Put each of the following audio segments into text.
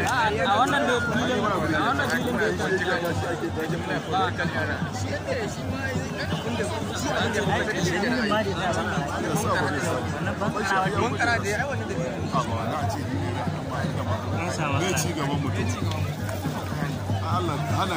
a wannan da filin a wannan filin da ya ci gaban mutum Allah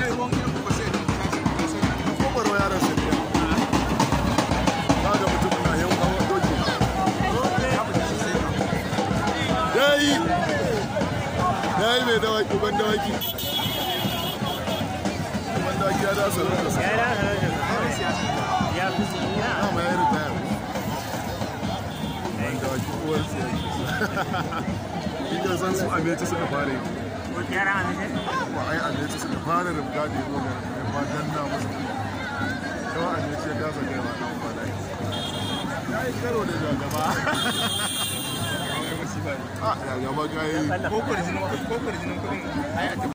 yi ya yi mai dawaki ban dawaki ban dawaki ya dasa ya dasa ya ya ban dawaki uwar yi san su amince suka fara yi ba a amince suka fara da yi ba musu kawai amince ya gaba ya yi karo da jagaba あ、やばい、かい。